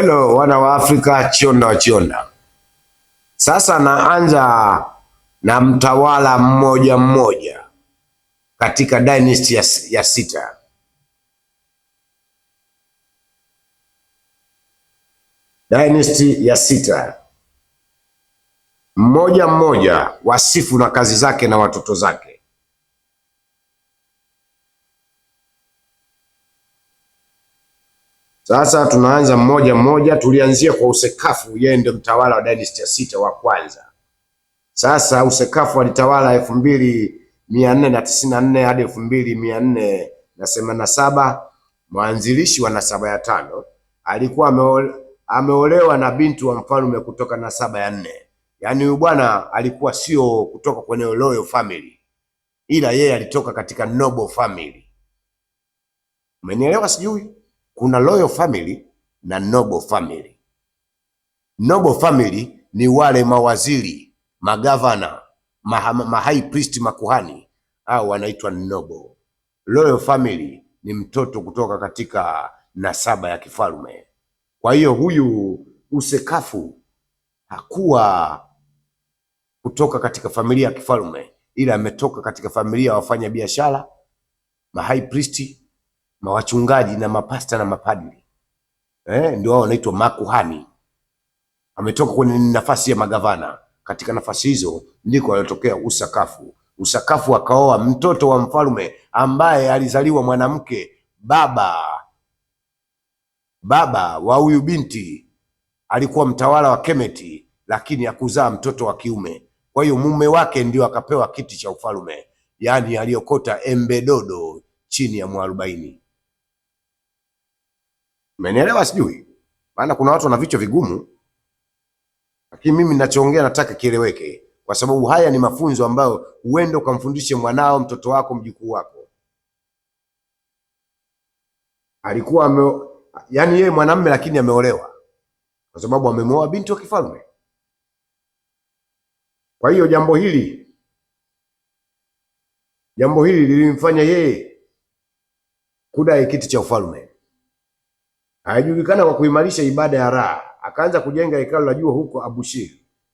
Hello wana wa Afrika, chonda wachonda. Sasa naanza na mtawala mmoja mmoja katika dynasty ya, ya sita. Dynasty ya sita, mmoja mmoja, wasifu na kazi zake na watoto zake. Sasa tunaanza mmoja mmoja, tulianzia kwa Usekafu, yeye ndio mtawala wa dynasty ya sita wa kwanza. Sasa Usekafu alitawala elfu mbili mia nne na na nne hadi elfu mbili mia nne na na saba. Mwanzilishi wa nasaba ya tano alikuwa ameolewa na binti wa mfalme kutoka nasaba ya nne. Yaani huyu bwana alikuwa sio kutoka kwenye royal family, ila yeye alitoka katika noble family. Umenielewa sijui? Kuna loyal family na noble family. Noble family ni wale mawaziri, magavana, ma high priest, makuhani au wanaitwa noble. Loyal family ni mtoto kutoka katika nasaba ya kifalme. Kwa hiyo huyu Usekafu hakuwa kutoka katika familia ya kifalme, ila ametoka katika familia ya wafanyabiashara, ma high mawachungaji na mapasta na mapadri eh, ndio wao wanaitwa makuhani. Ametoka kwenye nafasi ya magavana. Katika nafasi hizo ndiko alitokea Usakafu. Usakafu akaoa mtoto wa mfalme ambaye alizaliwa mwanamke, baba baba wa huyu binti alikuwa mtawala wa Kemeti, lakini akuzaa mtoto wa kiume. Kwa hiyo mume wake ndio akapewa kiti cha ufalme, yaani aliyokota embe dodo chini ya mwarobaini. Umenielewa sijui? Maana kuna watu wana vichwa vigumu, lakini mimi ninachoongea nataka kieleweke, kwa sababu haya ni mafunzo ambayo uende ukamfundishe mwanao, mtoto wako, mjukuu wako. Alikuwa ame, yani yeye mwanamume lakini ameolewa, kwa sababu amemwoa binti wa kifalme. Kwa hiyo jambo hili jambo hili lilimfanya yeye kudai kiti cha ufalme. Alijulikana kwa kuimarisha ibada ya Ra, akaanza kujenga hekalu la jua huko Abushir,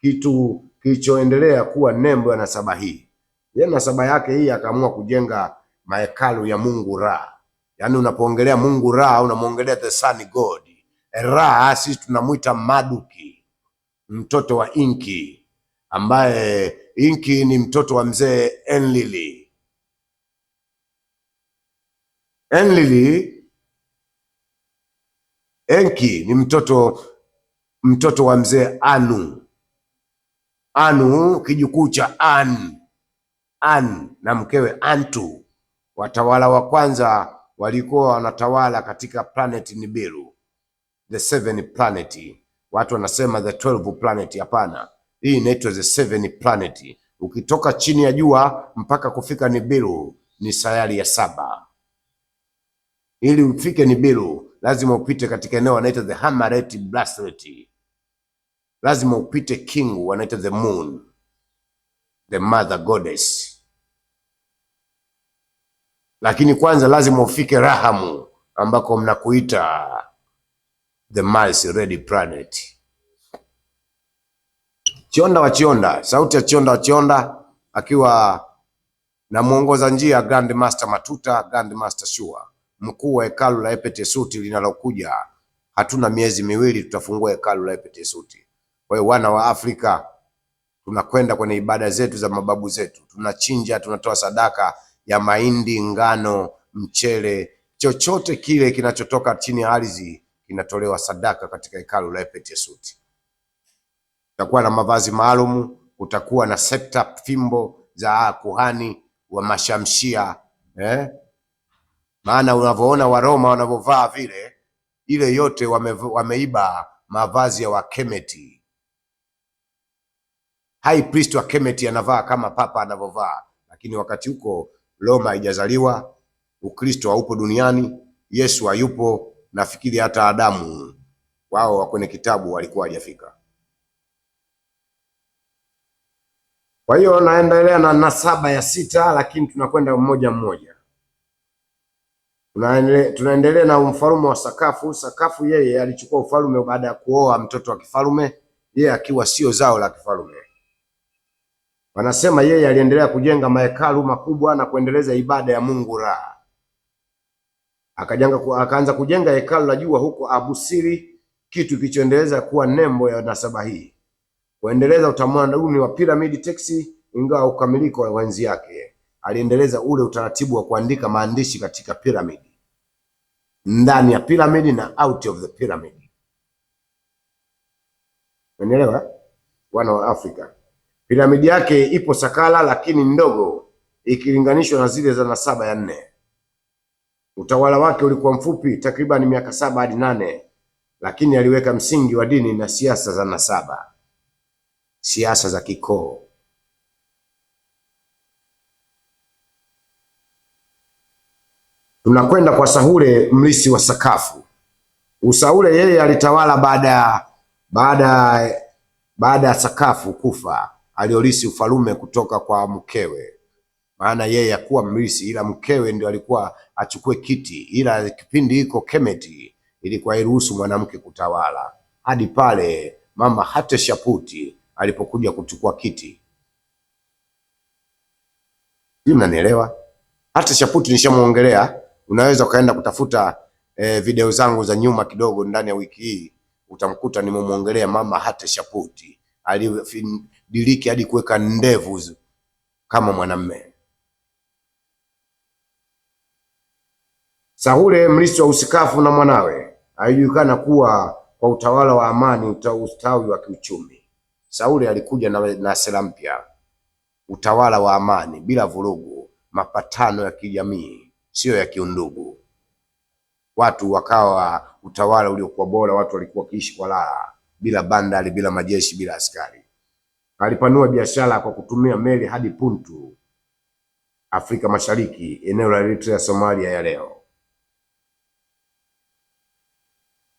kitu kilichoendelea kuwa nembo ya nasaba hii. Ye yaani nasaba yake hii akaamua kujenga mahekalu ya Mungu Ra. Yaani unapoongelea Mungu Ra unamwongelea the Sun God. Ra sisi tunamwita Maduki, mtoto wa Inki, ambaye Inki ni mtoto wa mzee Enlili. Enlili Enki ni mtoto mtoto wa mzee Anu. Anu kijukuu cha An. An na mkewe Antu, watawala wa kwanza walikuwa wanatawala katika planet Nibiru, the seven planet. Watu wanasema the 12 planet. Hapana, hii inaitwa the seven planet. Ukitoka chini ya jua mpaka kufika Nibiru ni sayari ya saba. Ili ufike Nibiru lazima upite katika eneo wanaita the Hammeret Blasret, lazima upite Kingu wanaita the Moon, the mother goddess. Lakini kwanza lazima ufike Rahamu ambako mnakuita the Mars Red Planet. Chionda wa Chionda, sauti ya Chionda wa Chionda akiwa na mwongoza njia Grand Master Matuta, Grand Master Shua mkuu wa hekalu la Ephesus linalokuja. Hatuna miezi miwili, tutafungua hekalu la Ephesus. Kwa hiyo wana wa Afrika tunakwenda kwenye ibada zetu za mababu zetu, tunachinja, tunatoa sadaka ya mahindi, ngano, mchele, chochote kile kinachotoka chini ya ardhi kinatolewa sadaka katika hekalu la Ephesus. Tutakuwa na mavazi maalum, kutakuwa na sekta, fimbo za kuhani wa mashamshia eh? maana unavyoona Waroma wanavyovaa vile, ile yote wame, wameiba mavazi ya Wakemeti. High priest wa Kemeti anavaa kama papa anavyovaa, lakini wakati huko Roma haijazaliwa, Ukristo haupo duniani, Yesu hayupo, nafikiri hata Adamu wao kwenye kitabu walikuwa hajafika. Kwa hiyo naendelea na nasaba ya sita, lakini tunakwenda mmoja mmoja. Tunaendelea na mfalme wa Sakafu. Sakafu yeye alichukua ufalme baada ya kuoa mtoto wa kifalme, yeye akiwa sio zao la kifalme. Wanasema yeye aliendelea kujenga mahekalu makubwa na kuendeleza ibada ya Mungu Ra. Akajenga, akaanza kujenga hekalu la jua huko Abusiri, kitu kilichoendeleza kuwa nembo ya nasaba hii, kuendeleza utamaduni wa piramidi teksi, ingawa ukamiliko wa wenzi yake. Aliendeleza ule utaratibu wa kuandika maandishi katika piramidi ndani ya pyramid na out of the pyramid. Unaelewa wana wa Afrika, piramidi yake ipo sakala, lakini ndogo ikilinganishwa na zile za nasaba ya nne. Utawala wake ulikuwa mfupi, takriban miaka saba hadi nane, lakini aliweka msingi wa dini na siasa za nasaba, siasa za kikoo tunakwenda kwa Saule mlisi wa sakafu. Usaule yeye alitawala baada baada baada ya sakafu kufa, aliorisi ufalume kutoka kwa mkewe, maana yeye hakuwa mlisi, ila mkewe ndio alikuwa achukue kiti, ila kipindi hiko Kemeti ilikuwa iruhusu mwanamke kutawala hadi pale mama shaputi alipokuja kuchukua kiti. Mnanielewa? Hatshepsuti nishamuongelea Unaweza ukaenda kutafuta eh, video zangu za nyuma kidogo, ndani ya wiki hii utamkuta nimemwongelea mama hata shaputi alidiriki hadi kuweka ndevu kama mwanamme. Sahure mrithi wa usikafu na mwanawe alijulikana kuwa kwa utawala wa amani, ustawi wa kiuchumi. Sahure alikuja na, na sera mpya, utawala wa amani bila vurugu, mapatano ya kijamii siyo ya kiundugu. Watu wakawa utawala uliokuwa bora, watu walikuwa wakiishi kwa raha, bila bandari, bila majeshi, bila askari. Alipanua biashara kwa kutumia meli hadi Puntu, Afrika Mashariki, eneo la Eritrea, Somalia ya leo.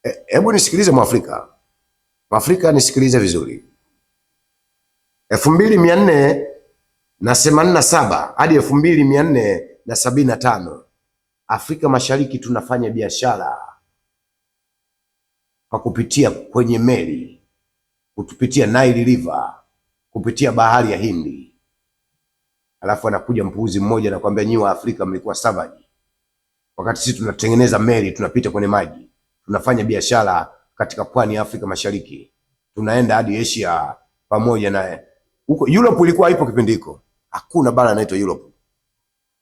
E, hebu e, nisikilize Mwafrika, Mwafrika nisikilize vizuri. elfu mbili mia nne na themanini na saba hadi elfu mbili mia nne na sabini na tano Afrika Mashariki tunafanya biashara kwa kupitia kwenye meli, kutupitia Nile River, kupitia bahari ya Hindi. Alafu anakuja mpuuzi mmoja anakuambia nyi wa Afrika mlikuwa savage, wakati sisi tunatengeneza meli, tunapita kwenye maji, tunafanya biashara katika pwani ya Afrika Mashariki, tunaenda hadi Asia pamoja na huko. Europe ilikuwa ipo kipindi hiko, hakuna bara inaitwa Europe.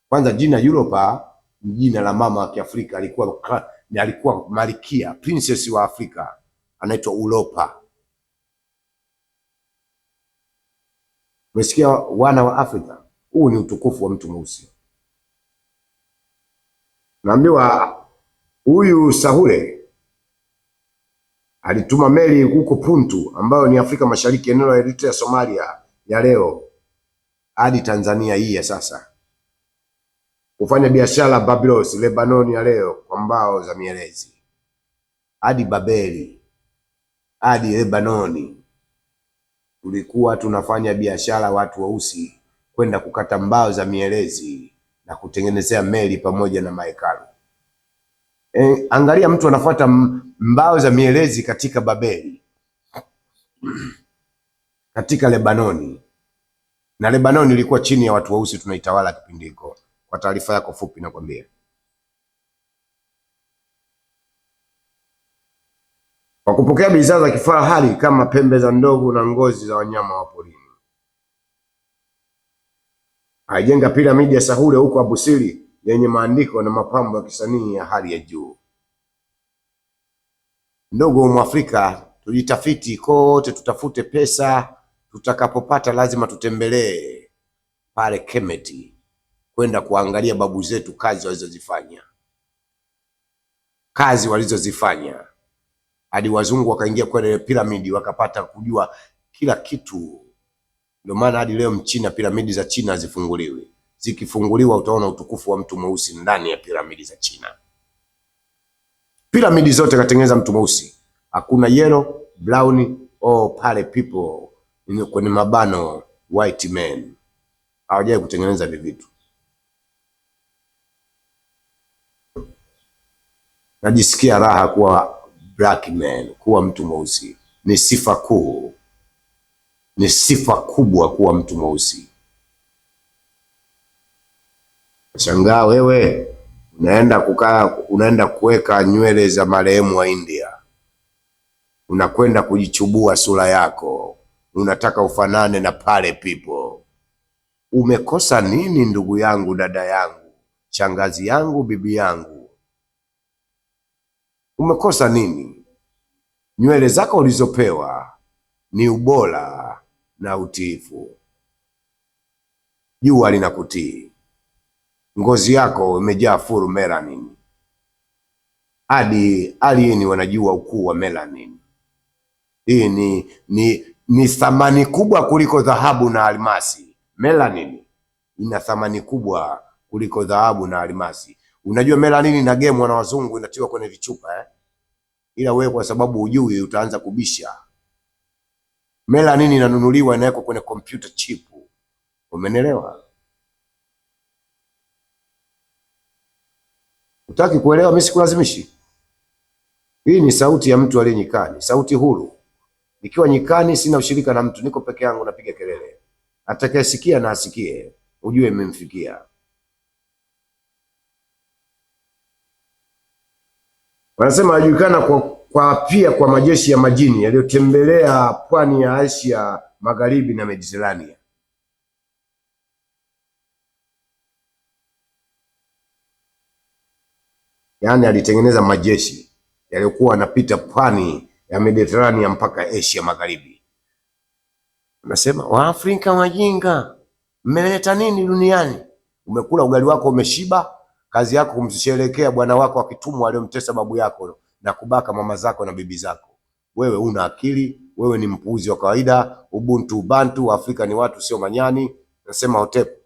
Kwanza jina Europe jina la mama wa Kiafrika, alikuwa alikuwa malikia princess wa Afrika, anaitwa Ulopa. Umesikia wana wa Afrika, huu ni utukufu wa mtu mweusi. Naambiwa huyu Sahule alituma meli huko Puntu ambayo ni Afrika Mashariki, eneo la Eritrea, Somalia ya leo hadi Tanzania hii ya sasa kufanya biashara Babylon, Lebanoni ya leo kwa mbao za mielezi, hadi Babeli hadi Lebanoni tulikuwa tunafanya biashara watu weusi kwenda kukata mbao za mielezi na kutengenezea meli pamoja na mahekalu. E, angalia mtu anafuata mbao za mielezi katika Babeli, katika Lebanoni, na Lebanoni ilikuwa chini ya watu weusi tunaitawala kipindiko kwa taarifa yako fupi nakwambia kwa kupokea bidhaa za kifahari kama pembe za ndovu na ngozi za wanyama wa porini. Alijenga piramidi ya Sahure huko Abusiri yenye maandiko na mapambo ya kisanii ya hali ya juu. Ndugu Mwafrika, tujitafiti kote, tutafute pesa. Tutakapopata lazima tutembelee pale Kemeti kwenda kuangalia babu zetu kazi walizozifanya, kazi walizozifanya hadi wazungu wakaingia kwenye piramidi wakapata kujua kila kitu. Ndio maana hadi leo Mchina, piramidi za China hazifunguliwi. Zikifunguliwa utaona utukufu wa mtu mweusi ndani ya piramidi za China. Piramidi zote katengeneza mtu mweusi, hakuna yellow, brown oh, pale people kwenye mabano white men, hawajai kutengeneza vivitu. vitu. Najisikia raha kuwa black man, kuwa mtu mweusi ni sifa kuu, ni sifa kubwa kuwa mtu mweusi. Shangaa wewe unaenda kukaa, unaenda kuweka nywele za marehemu wa India, unakwenda kujichubua sura yako, unataka ufanane na pale people. Umekosa nini ndugu yangu, dada yangu, shangazi yangu, bibi yangu? Umekosa nini? Nywele zako ulizopewa ni ubora na utiifu. Jua linakutii, ngozi yako imejaa furu melanin, hadi alieni wanajua ukuu wa melanin. Hii ni, ni, ni thamani kubwa kuliko dhahabu na almasi. Melanin ina thamani kubwa kuliko dhahabu na almasi. Unajua melanini na gemu wana wazungu inatiwa kwenye vichupa eh? Ila wewe kwa sababu ujui utaanza kubisha. Melanini inanunuliwa inawekwa kwenye computer chip. Umenelewa? Utaki kuelewa, mimi sikulazimishi. Hii ni sauti ya mtu aliye nyikani, sauti huru. Nikiwa nyikani sina ushirika na mtu, niko peke yangu napiga kelele. Atakayesikia na asikie, ujue imemfikia. Wanasema anajulikana kwa, kwa pia kwa majeshi ya majini yaliyotembelea pwani ya Asia Magharibi na Mediterania. Yaani alitengeneza majeshi yaliyokuwa yanapita pwani ya Mediterania mpaka Asia Magharibi. Anasema Waafrika wajinga, mmeleta nini duniani? Umekula ugali wako umeshiba Kazi yako kumsherekea bwana wako akitumwa aliyomtesa babu yako na kubaka mama zako na bibi zako. Wewe una akili? Wewe ni mpuuzi wa kawaida. Ubuntu, Bantu, Afrika ni watu sio manyani. Nasema hotep.